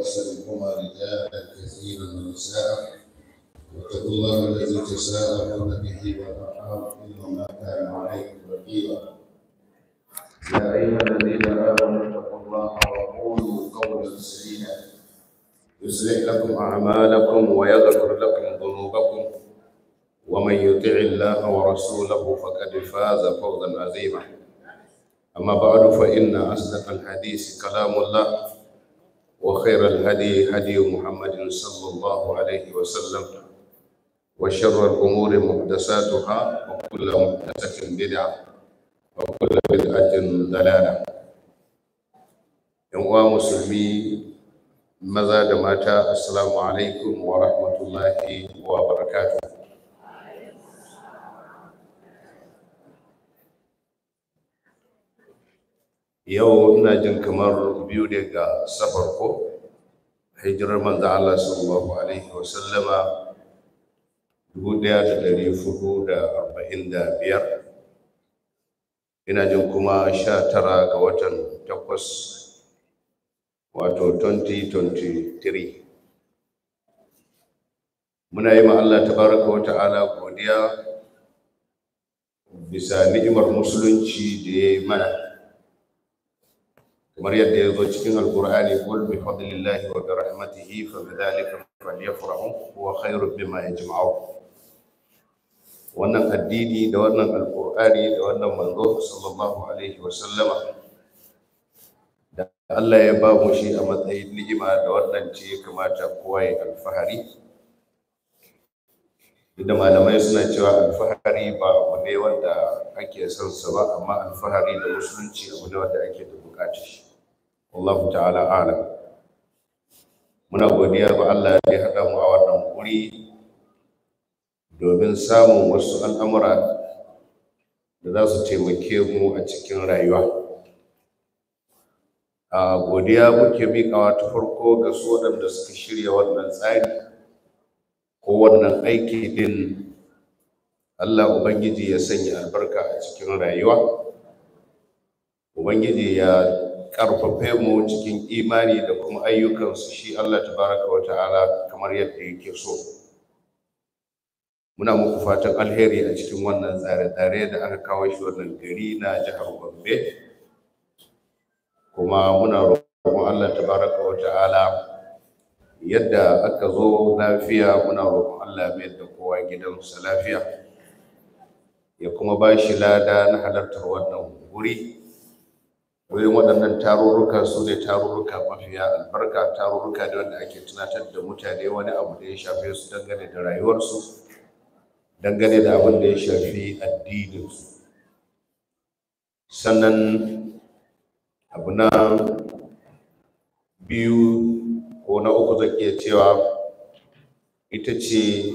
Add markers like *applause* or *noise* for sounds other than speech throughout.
وبث منهما رجالا كثيرا ونساء واتقوا الله الذي تساءلون به والارحام ان ما كان عليكم رقيبا يا ايها الذين امنوا اتقوا الله وقولوا قولا سديدا يصلح لكم اعمالكم ويغفر لكم ذنوبكم ومن يطع الله ورسوله فقد فاز فوزا عظيما اما بعد فان اصدق الحديث كلام الله وخير الهدي هدي محمد صلى الله عليه وسلم وشر الأمور محدثاتها وكل محدثة بدعة وكل بدعة ضلالة يوم مسلمي maza da mata assalamu alaikum wa rahmatullahi wa barakatuh yau ina jin kamar biyu daga safar ko hijirar manzo Allah sallallahu alaihi wa sallama 1445 ina jin kuma 19 ga watan takwas wato 2023 muna yi ma Allah baraka wa ta'ala godiya bisa ni'imar musulunci da ya yi mana kamar yadda ya zo cikin alkur'ani qul bi fadlillahi wa bi rahmatihi fa bi dhalika falyafrahu huwa khairu bima yajma'u wannan addini da wannan alkur'ani da wannan manzo sallallahu alaihi wa sallama da Allah ya ba mu shi a matsayin ni'ima da wannan ce kamata kowa ya alfahari da malamai suna cewa alfahari ba abu ne wanda ake son sa ba amma alfahari da musulunci abu ne wanda ake da bukatar shi wallahu ta'ala ala. muna godiya ga Allah da ya haɗa mu a wannan wuri domin samun wasu al'amura da za su taimake mu a cikin rayuwa a godiya muke miƙawa ta farko ga su waɗanda suka shirya wannan tsari ko wannan aiki din Allah Ubangiji ya sanya albarka a cikin rayuwa Ubangiji ya karfafe mu cikin imani da kuma ayyukansu shi Allah tabaraka wa ta'ala kamar yadda yake so muna muku fatan alheri a cikin wannan tsare-tsare da aka kawo shi wannan gari na jihar Gombe kuma muna roƙon Allah tabaraka wa ta'ala yadda aka zo lafiya muna roƙon Allah mai da kowa gidansa lafiya ya kuma ba shi lada na halartar wannan wuri wurin waɗannan tarurruka su ne tarurruka mafiya albarka tarurruka ne wanda ake tunatar da mutane wani abu da ya shafe su dangane da rayuwarsu dangane da abin da ya shafi addininsu sannan abu na biyu ko na uku zan iya cewa ita ce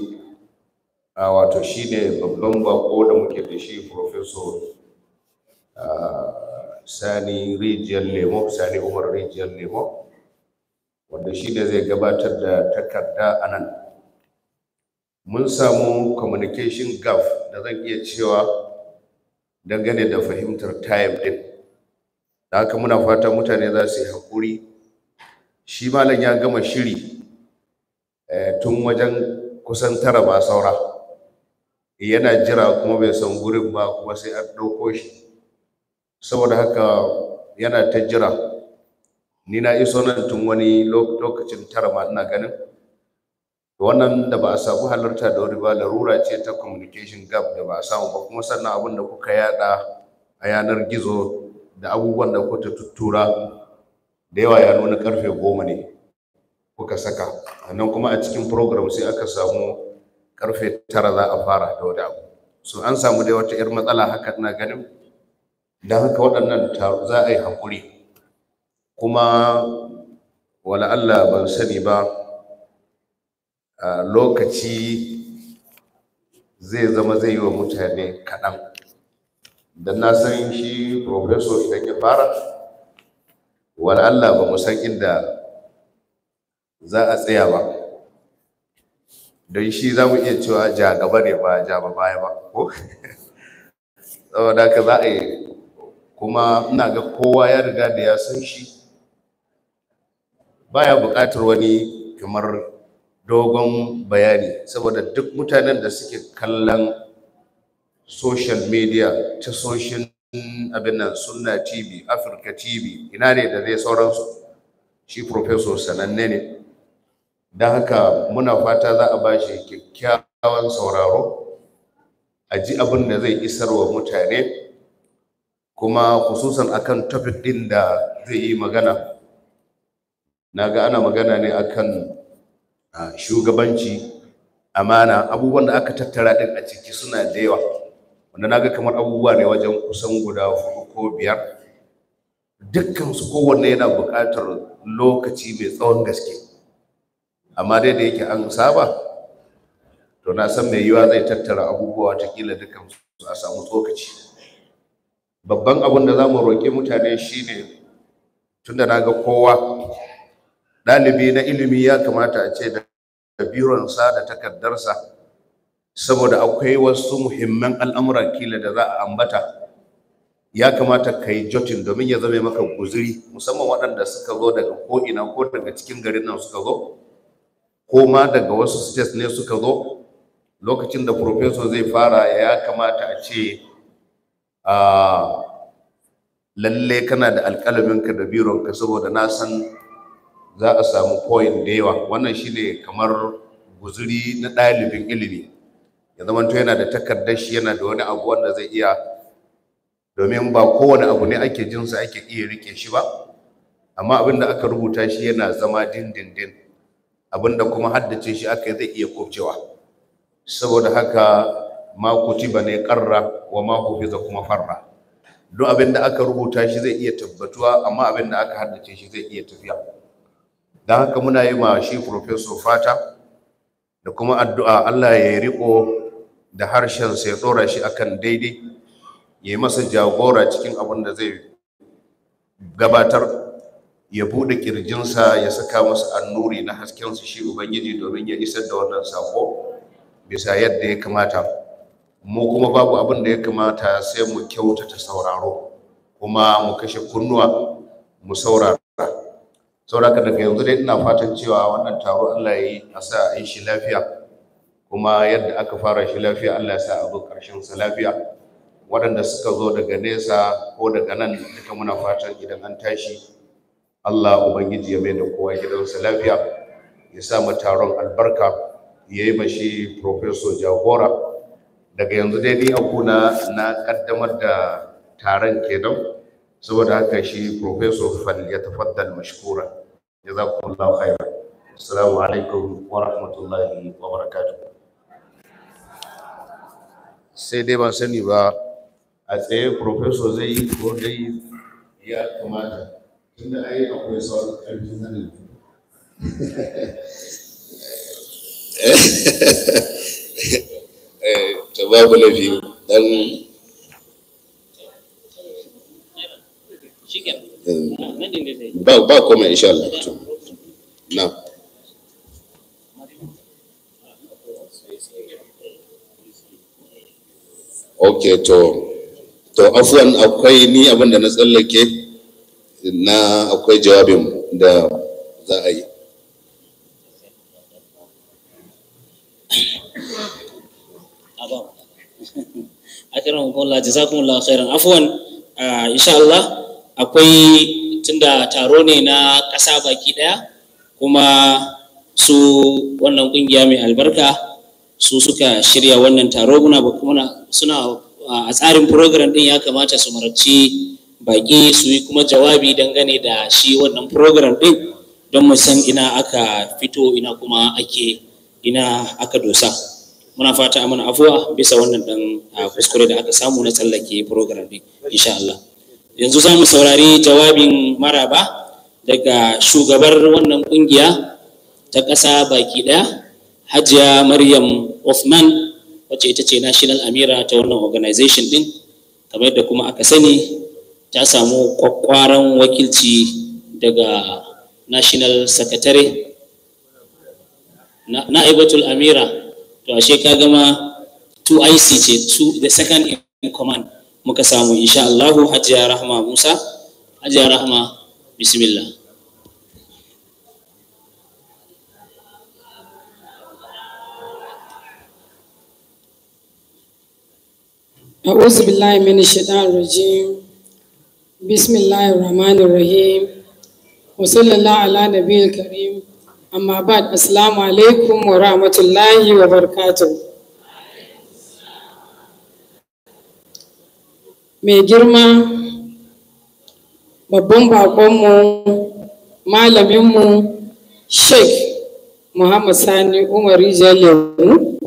a wato shi ne babban bako da muke da shi professor sani rijiyar lemo sani umar rijiyar lemo wanda shi da zai gabatar da takarda a nan mun samu communication gap da zan iya cewa dangane da fahimtar time din da haka muna fata mutane za su yi haƙuri shi malam ya gama shiri eh, tun wajen kusan tara ba saura yana jira kuma bai san gurin ba kuma sai an ɗauko shi saboda haka yana ta jira ni na iso nan tun wani lokacin tara ma ina ganin wannan da ba a samu halarta da wuri ba larura ce ta communication gap da ba a samu ba kuma sannan abin da kuka yada a yanar gizo da abubuwan da kuka tuttura da yawa ya nuna karfe goma ne kuka saka sannan kuma a cikin program sai aka samu karfe tara za a fara da wani abu so an samu dai wata 'yar matsala haka ina ganin Idan haka waɗannan za a yi haƙuri kuma wala Allah ban sani ba lokaci zai zama zai yi wa mutane kaɗan don na san shi professor idan ya fara wala Allah ba mu san inda za a tsaya ba don shi za mu iya cewa ja gaba ne ba ja ba baya ba ko *laughs* saboda haka za a yi kuma ina ga kowa ya riga da ya san shi baya buƙatar wani kamar dogon bayani saboda duk mutanen da suke kallon social media ta social abin nan sunna tv africa tv ina ne da dai sauransu shi professor sananne ne don haka muna fata za a ba shi kyakkyawan sauraro a ji abin da zai isarwa mutane kuma khususan akan topic din da zai yi magana naga ana magana ne akan shugabanci amana abubuwan da aka tattara din a ciki suna da yawa wanda na kamar abubuwa ne wajen kusan guda hudu ko biyar dukkan su kowanne yana buƙatar lokaci mai tsawon gaske amma dai da yake an saba to na san mai yiwa zai tattara abubuwa ta dukkan su a samu tsokaci babban abin da za mu roƙi mutane shi shine tunda na ga kowa ɗalibi na ilimi ya kamata a ce da sa da takardarsa saboda akwai wasu muhimman al'amuran kila da za a ambata ya kamata ka yi jotin domin ya zama maka guziri musamman waɗanda suka zo daga ko'ina ko daga cikin garin nan suka zo ko ma daga wasu states ne suka zo lokacin da professor zai fara ya kamata a ce Ah, lalle kana da alƙalaminka da biron ka saboda na san za a samu koyin da yawa wannan ne kamar guzuri na ɗalibin ilimi ya zamanto yana da takardar shi yana da wani abu wanda zai iya domin ba kowane abu ne ake jinsa ake iya rike shi ba amma abin da aka rubuta shi yana zama dindindin abin da kuma haddace shi aka zai iya kofcewa saboda haka ma kutiba ne karra wa ma hufiza kuma farra don abin da aka rubuta shi zai iya tabbatuwa amma abin da aka haddace shi zai iya tafiya don haka muna yi ma shi professor fata da kuma addu'a Allah ya yi riko da harshen sai tsora shi akan daidai ya yi masa jagora cikin abin da zai gabatar ya buɗe ƙirjinsa ya saka masa annuri na haskensu shi ubangiji domin ya isar da wannan sako bisa yadda ya kamata mu kuma babu abin da ya kamata sai mu kyautata sauraro kuma mu kashe kunnuwa mu saurara sauraka daga yanzu dai ina fatan cewa wannan taro Allah ya yi a sa a yi shi lafiya kuma yadda aka fara shi lafiya Allah ya sa abu karshen sa lafiya waɗanda suka zo daga nesa ko daga nan duka muna fatan idan an tashi Allah ubangiji ya mai da kowa gidansa lafiya ya sa mu taron albarka yayi yi mashi professor jagora daga yanzu dai ni auku na na kaddamar da taron kenan saboda haka shi professor fal ya tafaddal mashkura jazakumullahu khaira assalamu alaikum wa rahmatullahi wa barakatuh sai dai ban sani ba a tsaye professor zai yi ko dai ya kamata tunda ai akwai sauran na ne *laughs* eh ta babu laifi dan ba ba komai insha Allah to na ok to to afuwan akwai ni abin da na tsallake na akwai jawabin da za a yi akramakumullah jazakumullah khairan afwan ah, insha Allah akwai tunda taro ne na ƙasa baki ɗaya kuma su wannan kungiya mai albarka su suka shirya wannan taro muna suna ah, a tsarin program din ya kamata su marabci baki su yi kuma jawabi dangane da shi wannan program din don mu san ina aka fito ina kuma ake ina aka dosa. muna fata a mana afuwa bisa wannan dan kuskure da aka samu na tsallake program din insha Allah yanzu za mu saurari jawabin maraba daga shugabar wannan kungiya ta ƙasa baki ɗaya hajiya maryam Othman wacce ita ce national amira ta wannan organization din kamar da kuma aka sani ta samu kwakwaran wakilci daga national secretary na'ibatul amira to ashe ka gama 2IC ce the second in command muka samu insha Allahu Hajiya Rahma Musa Hajiya Rahma bismillah أعوذ بالله من الشيطان الرجيم بسم الله الرحمن الرحيم وصلى الله على نبي الكريم amma ba assalamu alaikum wa rahmatullahi wa barkatu. mai girma babban bakonmu malaminmu sheikh muhammad sani umar lemu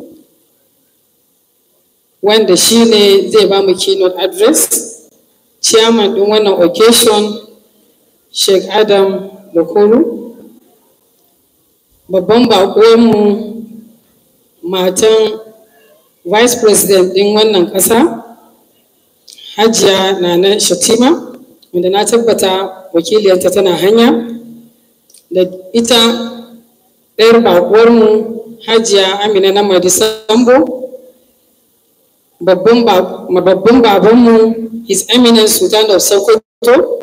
wanda shi ne zai ba mu keynote address chairman din wannan occasion sheikh adam bukuru babban mu matan vice president ɗin wannan ƙasa hajiya nana shatima wanda na tabbata wakiliyarta tana hanya da ita ɗayar baƙuwarmu hajiya amina na mai sambo babban babanmu his eminence sultan of sokoto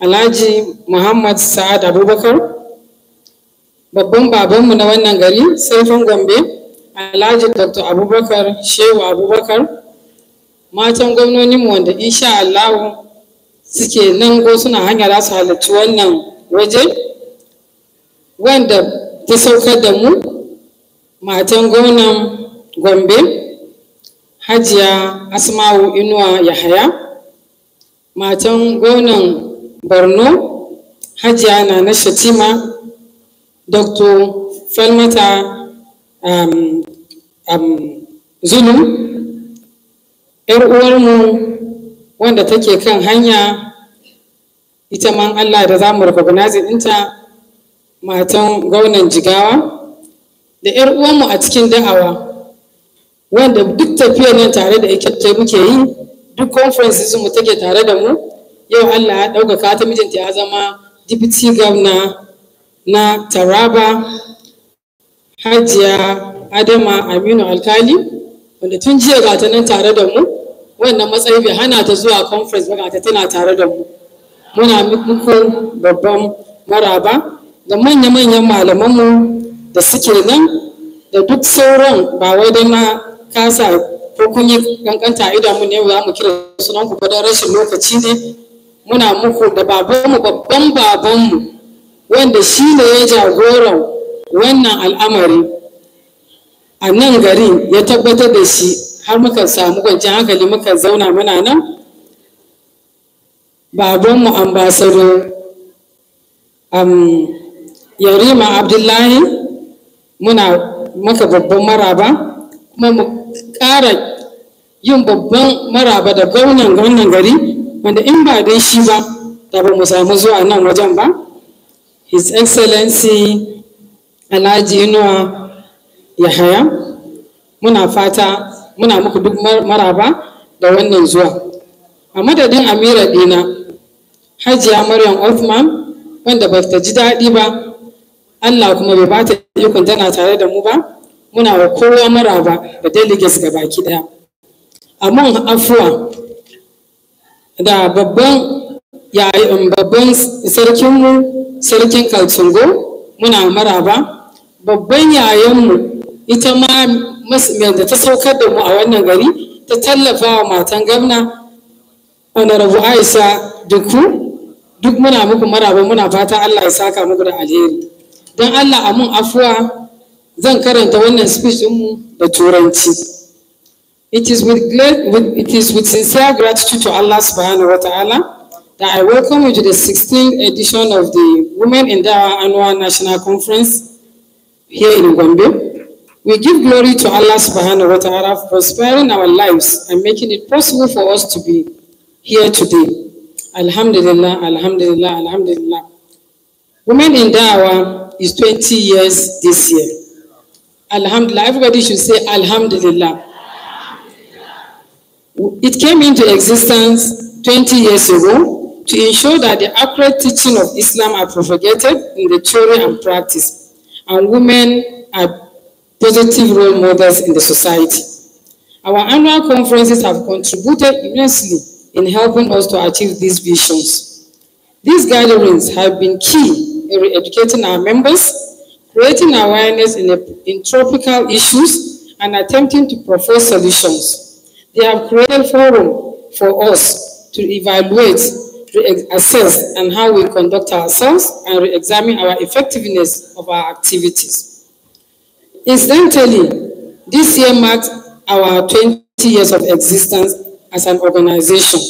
alhaji muhammad sa'ad abubakar babban babanmu na wannan gari saifin gombe alhaji dr abubakar shehu abubakar matan gwamnoninmu wanda insha allahu suke nan ko suna hanya za su halarci wannan waje wanda ta saukar da mu matan gwamnan gombe hajiya asma'u inuwa yahaya matan gwamnan borno hajiya na na shatima Dr. Falmata um, um, Zulu, uwarmu wanda take kan hanya ita man Allah da za mu ɗinta matan gwamnan jigawa da ‘yar uwarmu a cikin da'awa wanda duk tafiyar nan tare da ta muke yi duk conferences mu take tare da mu yau Allah ya ɗaukaka ta mijinta ya zama deputy governor na Taraba Hajiya Adama Aminu Alkali wanda tun jiya ga ta nan tare da mu wannan matsayi bai hana ta zuwa conference ba gata tana tare da mu muna muku babban maraba da manya-manyan malamanmu da suke nan da duk sauran ba wai na kasa ko kun yi kankanta mu ne za mu kira sunan ku don rashin lokaci ne muna muku da babanmu babban babanmu wanda shi ne ya jagoran wannan al'amari a nan gari ya tabbatar da shi har muka samu kwanciyar hankali muka zauna muna nan babanmu ambasado um, yarima abdullahi muna maka babban maraba kuma mu ƙara yin babban maraba da gwamnan gaunan gari wanda in ba dai shi ba da ba mu samu zuwa nan wajen ba His Excellency Alhaji Inuwa Yahaya, muna fata muna muku duk maraba da wannan zuwa. A madadin Amira ɗina, Hajiya Maryam Othman, wanda ba ta ji daɗi ba, Allah kuma bai ba ta ikon tana tare da mu ba, muna wa kowa maraba da delegates ga baki ɗaya. Amon afuwa da babban Um, babban sarkinmu sarkin kaltungo muna maraba babban yayanmu ita ma da ta saukar da mu a wannan gari ta tallafa wa matan gwamna honorable aisha duku duk muna muku maraba muna fata allah ya saka muku da alheri don allah a mun afuwa zan karanta wannan speech mu da turanci it is with, great, it is with sincere gratitude to allah subhanahu wa ta'ala that I welcome you to the 16th edition of the Women in Dawa Annual National Conference here in Gombe. We give glory to Allah subhanahu wa ta'ala for prospering our lives and making it possible for us to be here today. Alhamdulillah, Alhamdulillah, Alhamdulillah. Women in Dawa is 20 years this year. Alhamdulillah, everybody should say Alhamdulillah. Alhamdulillah. It came into existence 20 years ago to ensure that the accurate teaching of Islam are propagated in the theory and practice, and women are positive role models in the society. Our annual conferences have contributed immensely in helping us to achieve these visions. These gatherings have been key in educating our members, creating awareness in, a, in tropical issues, and attempting to propose solutions. They have created a forum for us to evaluate assess and how we conduct ourselves and re-examine our effectiveness of our activities. Incidentally, this year marks our 20 years of existence as an organization.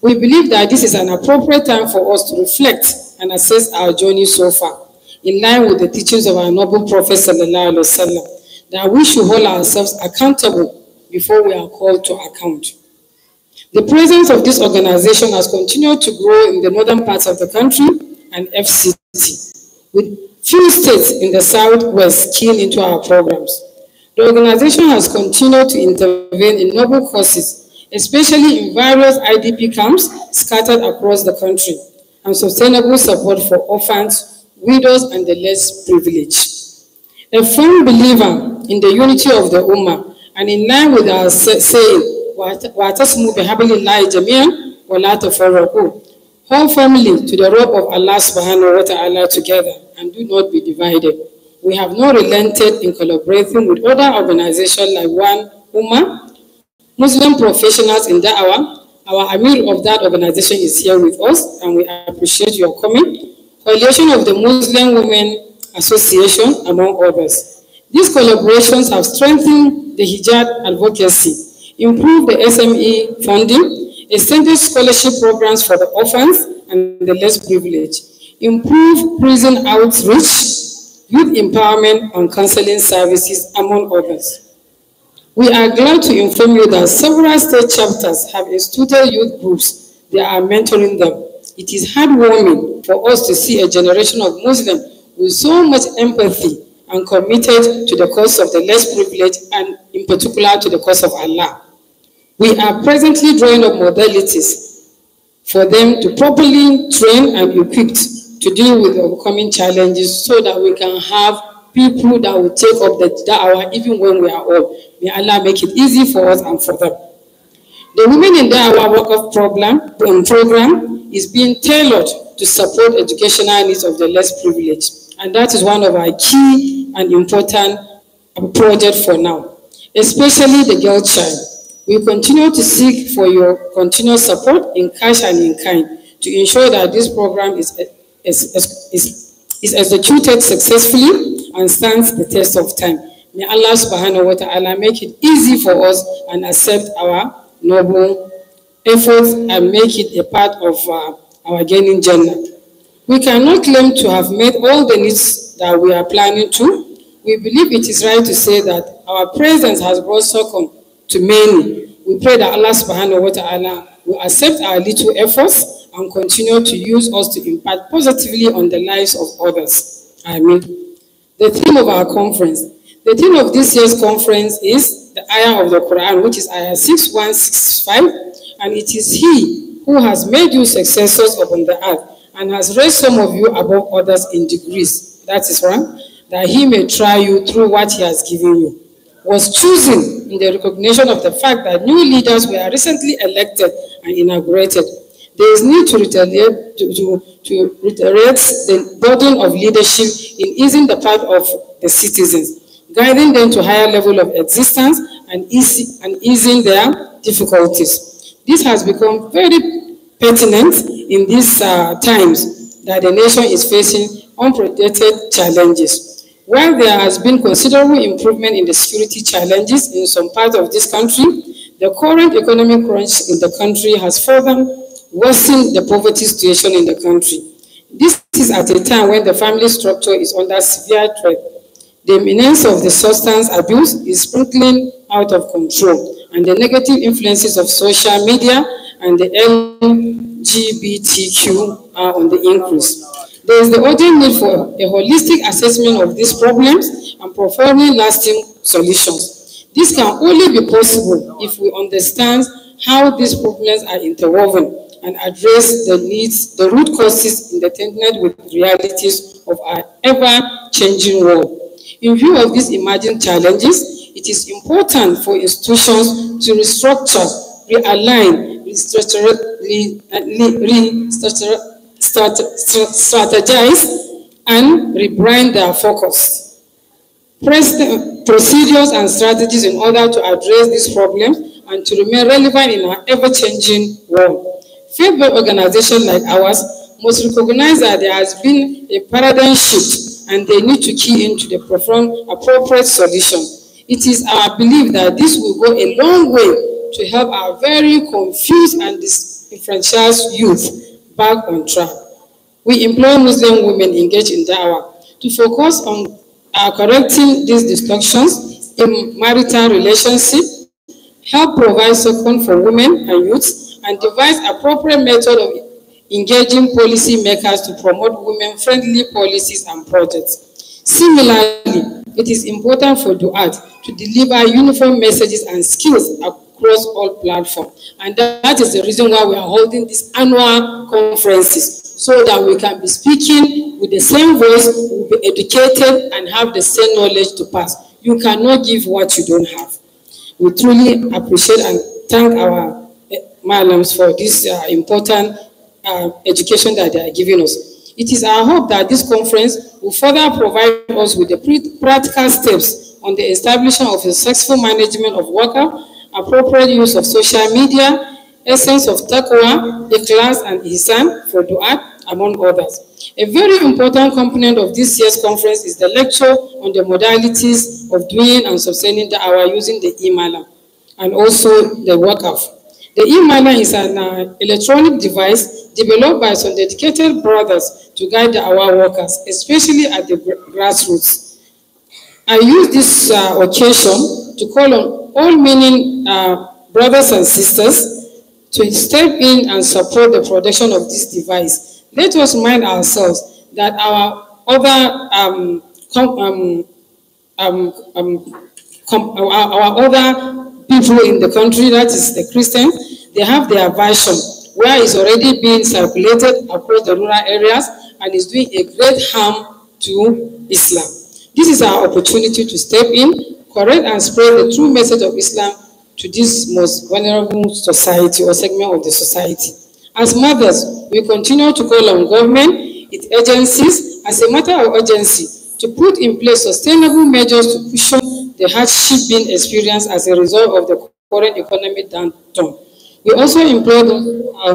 We believe that this is an appropriate time for us to reflect and assess our journey so far, in line with the teachings of our noble Prophet Sallallahu Alaihi Wasallam, that we should hold ourselves accountable before we are called to account. The presence of this organization has continued to grow in the northern parts of the country and FCT, with few states in the southwest keying into our programs. The organization has continued to intervene in noble causes, especially in various IDP camps scattered across the country, and sustainable support for orphans, widows, and the less privileged. A firm believer in the unity of the Ummah, and in line with our saying, وَاعْتَصِمُوا بِحَبْلِ اللَّهِ جَمِيعًا وَلَا تَفَرَّقُوا Hold firmly to the rope of Allah subhanahu wa ta'ala together and do not be divided. We have not relented in collaborating with other organizations like One Ummah, Muslim professionals in Da'wah. Our Amir of that organization is here with us and we appreciate your coming. Coalition of the Muslim Women Association, among others. These collaborations have strengthened the hijab advocacy improve the SME funding, extend scholarship programs for the orphans and the less privileged, improve prison outreach, youth empowerment and counseling services, among others. We are glad to inform you that several state chapters have instituted youth groups They are mentoring them. It is heartwarming for us to see a generation of Muslims with so much empathy and committed to the cause of the less privileged and in particular to the cause of Allah. We are presently drawing up modalities for them to properly train and be equipped to deal with the upcoming challenges so that we can have people that will take up the da'wah even when we are old. May Allah make it easy for us and for them. The Women in Da'wah Work-Off program, um, program is being tailored to support educational needs of the less privileged. And that is one of our key and important project for now, especially the girl child. We continue to seek for your continuous support in cash and in kind to ensure that this program is, is, is, is executed successfully and stands the test of time. May Allah subhanahu wa ta'ala make it easy for us and accept our noble efforts and make it a part of uh, our gaining journey. We cannot claim to have met all the needs that we are planning to. We believe it is right to say that our presence has brought circum to many. We pray that Allah subhanahu wa ta'ala will accept our little efforts and continue to use us to impact positively on the lives of others. Amen. The theme of our conference. The theme of this year's conference is the ayah of the Quran, which is ayah 6165, and it is He who has made you successors upon the earth and has raised some of you above others in degrees. That is one. That He may try you through what He has given you was chosen in the recognition of the fact that new leaders were recently elected and inaugurated. There is need to retaliate to, to, to reiterate the burden of leadership in easing the path of the citizens, guiding them to higher level of existence and, easy, and easing their difficulties. This has become very pertinent in these uh, times that the nation is facing unprecedented challenges. While there has been considerable improvement in the security challenges in some parts of this country, the current economic crunch in the country has further worsened the poverty situation in the country. This is at a time when the family structure is under severe threat. The imminence of the substance abuse is sprinkling out of control, and the negative influences of social media and the LGBTQ are on the increase. There is the urgent need for a holistic assessment of these problems and providing lasting solutions. This can only be possible if we understand how these problems are interwoven and address the needs, the root causes in the internet with realities of our ever-changing world. In view of these emerging challenges, it is important for institutions to restructure, realign, restructure, re, re, restructure, strategize, and rebrand their focus. Procedures and strategies in order to address this problem and to remain relevant in our ever-changing world. Faith-based organizations like ours must recognize that there has been a paradigm shift and they need to key into the appropriate solution. It is our belief that this will go a long way to help our very confused and disenfranchised youth back on track. We employ Muslim women engaged in da'wah to focus on uh, correcting these distortions in marital relationship, help provide support for women and youth, and devise appropriate method of engaging policy makers to promote women-friendly policies and projects. Similarly, it is important for DUAT to deliver uniform messages and skills across all platforms. And that, that is the reason why we are holding these annual conferences, so that we can be speaking with the same voice, we'll be educated and have the same knowledge to pass. You cannot give what you don't have. We truly appreciate and thank our eh, Malams for this uh, important uh, education that they are giving us. It is our hope that this conference will further provide us with the practical steps on the establishment of a successful management of worker appropriate use of social media, essence of taqwa, ikhlas, and ihsan for dua, among others. A very important component of this year's conference is the lecture on the modalities of doing and sustaining the hour using the imala and also the wakaf. The imala is an uh, electronic device developed by some dedicated brothers to guide our workers, especially at the grassroots. I use this uh, occasion to call on all meaning uh, brothers and sisters to step in and support the production of this device. Let us mind ourselves that our other um, um, um, um our other people in the country, that is the Christians, they have their version where it's already being circulated across the rural areas and is doing a great harm to Islam. This is our opportunity to step in correct and spread the true message of Islam to this most vulnerable society or segment of the society. As mothers, we continue to call on government, its agencies, as a matter of urgency, to put in place sustainable measures to cushion the hardship being experienced as a result of the current economic downturn. We also implore the uh,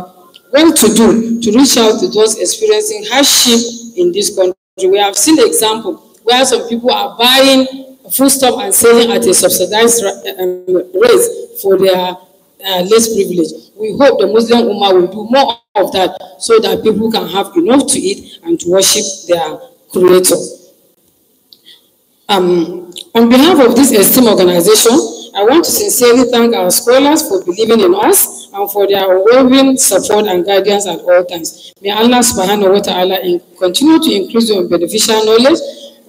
well-to-do to reach out to those experiencing hardship in this country. We have seen the example where some people are buying Full stop and selling at a subsidized um, rate for their uh, less privilege. We hope the Muslim Ummah will do more of that so that people can have enough to eat and to worship their creator. Um, on behalf of this esteemed organization, I want to sincerely thank our scholars for believing in us and for their unwavering support and guidance at all times. May Allah subhanahu wa ta'ala continue to increase your beneficial knowledge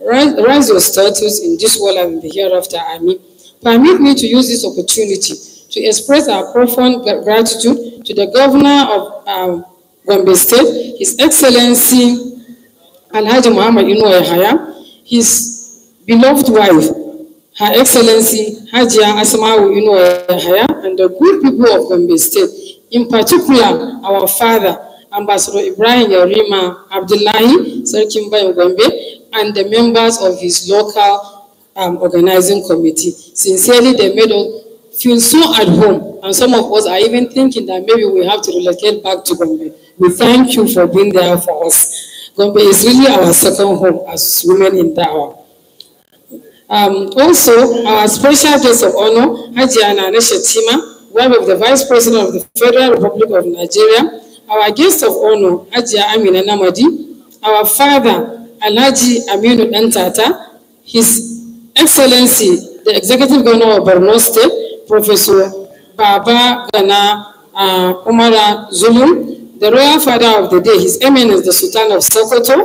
Rise your status in this world and in the hereafter, I mean. Permit me to use this opportunity to express our profound gratitude to the governor of um, Gombe State, His Excellency Alhaji Muhammad Inu Yahaya, his beloved wife, Her Excellency Hajia Asmawu Inu Yahaya, and the good people of Gombe State, in particular our father, Ambassador Ibrahim Yarima Abdullahi, Sarkin Bayo Gombe, and the members of his local um, organizing committee. Sincerely, they made us feel so at home. And some of us are even thinking that maybe we have to relocate back to Gombe. We thank you for being there for us. Gombe is really our second home as women in Dawa. Um, also, our special guest of honor, Haji Anane wife of the Vice President of the Federal Republic of Nigeria, our guest of honor, Haji Amina our father, Alaji Aminu Dantata, His Excellency, the Executive Governor of Borno State, Professor Baba Gana uh, Umara Zulum, the Royal Father of the Day, His Eminence, the Sultan of Sokoto,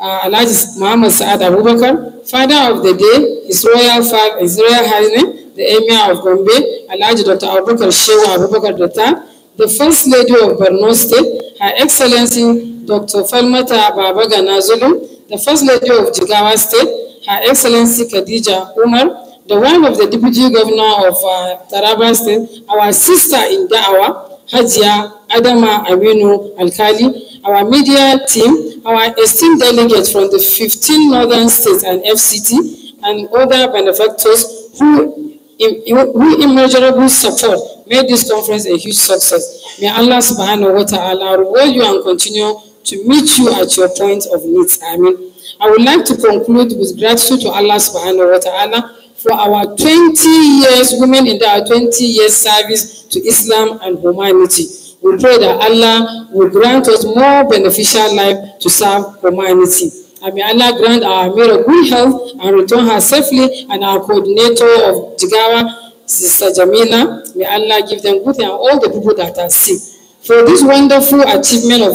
uh, Alaji Muhammad Saad Abubakar, Father of the Day, His Royal Father, His Royal Highness, the Emir of Gombe, Alaji Dr. Abubakar Shewa Abubakar Dutta, the First Lady of Borno State, Her Excellency Dr. Falmata Baba Gana Zulum, the First Lady of Jigawa State, Her Excellency Khadija Umar, the wife of the Deputy Governor of uh, Taraba State, our sister in Da'awa, Hajia Adama Awinu Alkali, our media team, our esteemed delegates from the 15 northern states and FCT, and other benefactors who, who immeasurable support made this conference a huge success. May Allah subhanahu wa ta'ala reward you and continue to meet you at your point of needs. I mean, I would like to conclude with gratitude to Allah subhanahu wa ta'ala for our 20 years, women in our 20 years service to Islam and humanity. We pray that Allah will grant us more beneficial life to serve humanity. And may Allah grant our Amira good health and return her safely and our coordinator of Jigawa, Sister Jamila. May Allah give them good and all the people that are sick. For this wonderful achievement of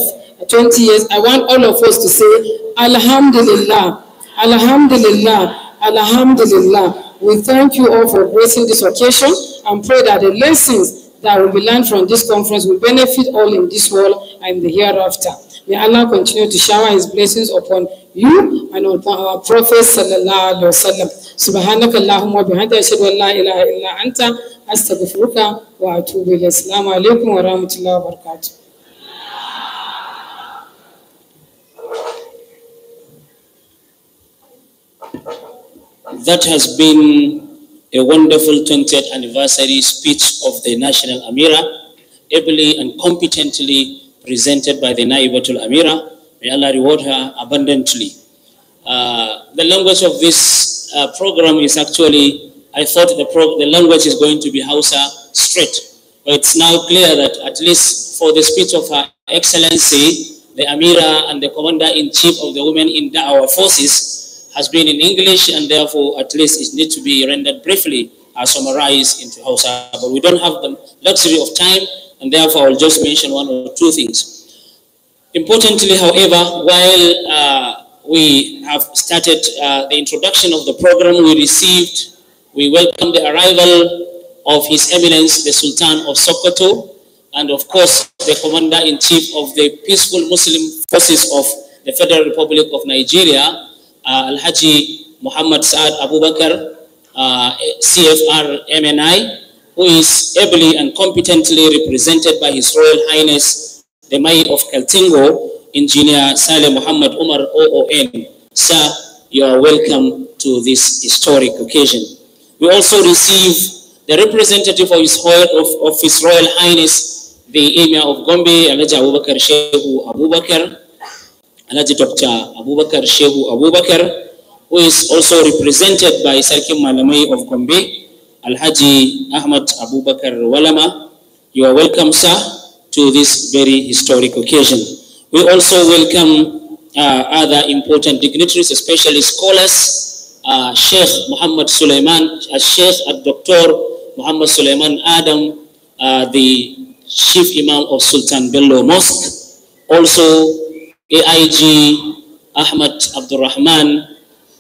20 years, I want all of us to say, Alhamdulillah, Alhamdulillah, Alhamdulillah. We thank you all for gracing this occasion and pray that the lessons that will be learned from this conference will benefit all in this world and the hereafter. May Allah continue to shower His blessings upon you and upon our Prophet sallallahu alaihi wasallam. Subhanaka Allahumma bihanta ashhadu an ilaha illa anta astagfiruka wa atubu ilayk. alaikum wa rahmatullahi wa barakatuh. that has been a wonderful 20th anniversary speech of the National Amira, ably and competently presented by the Naibatul Amira. May Allah reward her abundantly. Uh, the language of this uh, program is actually, I thought the, the language is going to be Hausa straight, but it's now clear that at least for the speech of Her Excellency, the Amira and the Commander-in-Chief of the Women in Our Forces, has been in English and therefore at least it needs to be rendered briefly uh, summarized into Hausa. But we don't have the luxury of time and therefore I'll just mention one or two things. Importantly, however, while uh, we have started uh, the introduction of the program, we received, we welcome the arrival of His Eminence, the Sultan of Sokoto, and of course, the Commander-in-Chief of the Peaceful Muslim Forces of the Federal Republic of Nigeria, uh, Alhaji Muhammad Saad Abubakar, uh, CFR MNI, who is ably and competently represented by His Royal Highness the Maid of Kaltingo, Engineer Saleh Muhammad Umar OON. Sir, you are welcome to this historic occasion. We also receive the representative of His, Royal, of, of His Royal Highness, the Emir of Gombe, Alhaji Abubakar Shehu Abubakar, Alhaji Dr. Abubakar Shehu Abubakar, who is also represented by Sarkin Malamai of Gombe, Alhaji Ahmad Abubakar Walama. You are welcome, sir, to this very historic occasion. We also welcome uh, other important dignitaries, especially scholars, uh, Sheikh Muhammad Suleiman, uh, Sheikh Dr. Muhammad Suleiman Adam, uh, the Chief Imam of Sultan Bello Mosque, also AIG Ahmad Abdurrahman,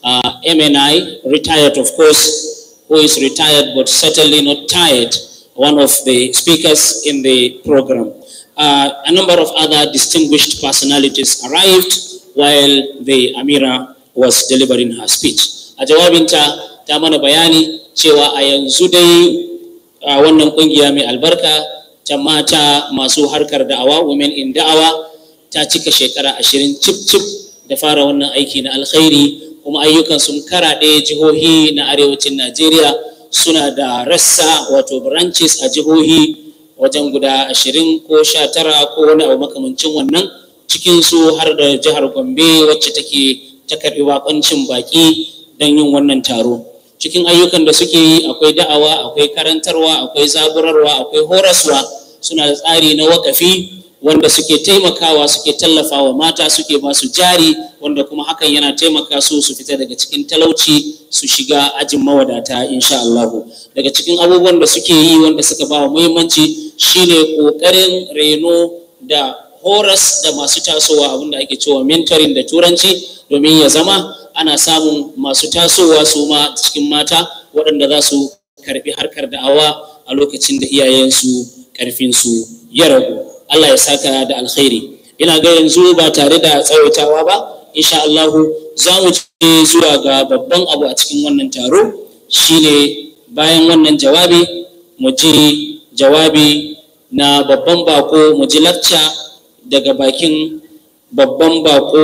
uh, MNI, retired, of course, who is retired but certainly not tired, one of the speakers in the program. Uh, a number of other distinguished personalities arrived while the Amira was delivering her speech. A tamana bayani cewa a yanzu dai uh, wannan kungiya mai albarka ta mata masu harkar da'awa women in da'awa ta cika shekara ashirin cip cip da fara wannan aiki na alkhairi kuma ayyukan sun kara ɗaya jihohi na arewacin najeriya suna da rassa wato branches a jihohi wajen guda ashirin ko sha tara ko wani abu makamancin wannan cikinsu har da jihar gombe wacce take ta karɓi bakoncin baƙi don yin wannan taro cikin ayyukan da suke yi akwai da'awa akwai karantarwa akwai zaburarwa akwai horaswa suna da tsari na wakafi wanda suke taimakawa suke tallafawa mata suke ba su jari wanda kuma hakan yana taimaka su su fita daga cikin talauci su shiga ajin mawadata insha Allah daga cikin abubuwan da suke yi wanda suka ba muhimmanci shine kokarin reno da horas da masu tasowa abinda ake cewa mentoring da turanci domin ya zama ana samun masu tasowa su ma cikin mata waɗanda za su karbi harkar da'awa a lokacin da iyayensu su ya ragu Allah ya saka da alkhairi ina ga yanzu ba tare da tsawaitawa ba insha Allah za mu je zuwa ga babban abu a cikin wannan taro shine bayan wannan jawabi mu ji jawabi na babban bako mu ji lacca daga bakin babban bako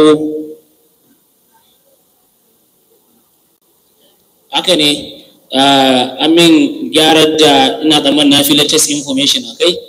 haka ne amin ah, gyarar da ina zaman na fi information a kai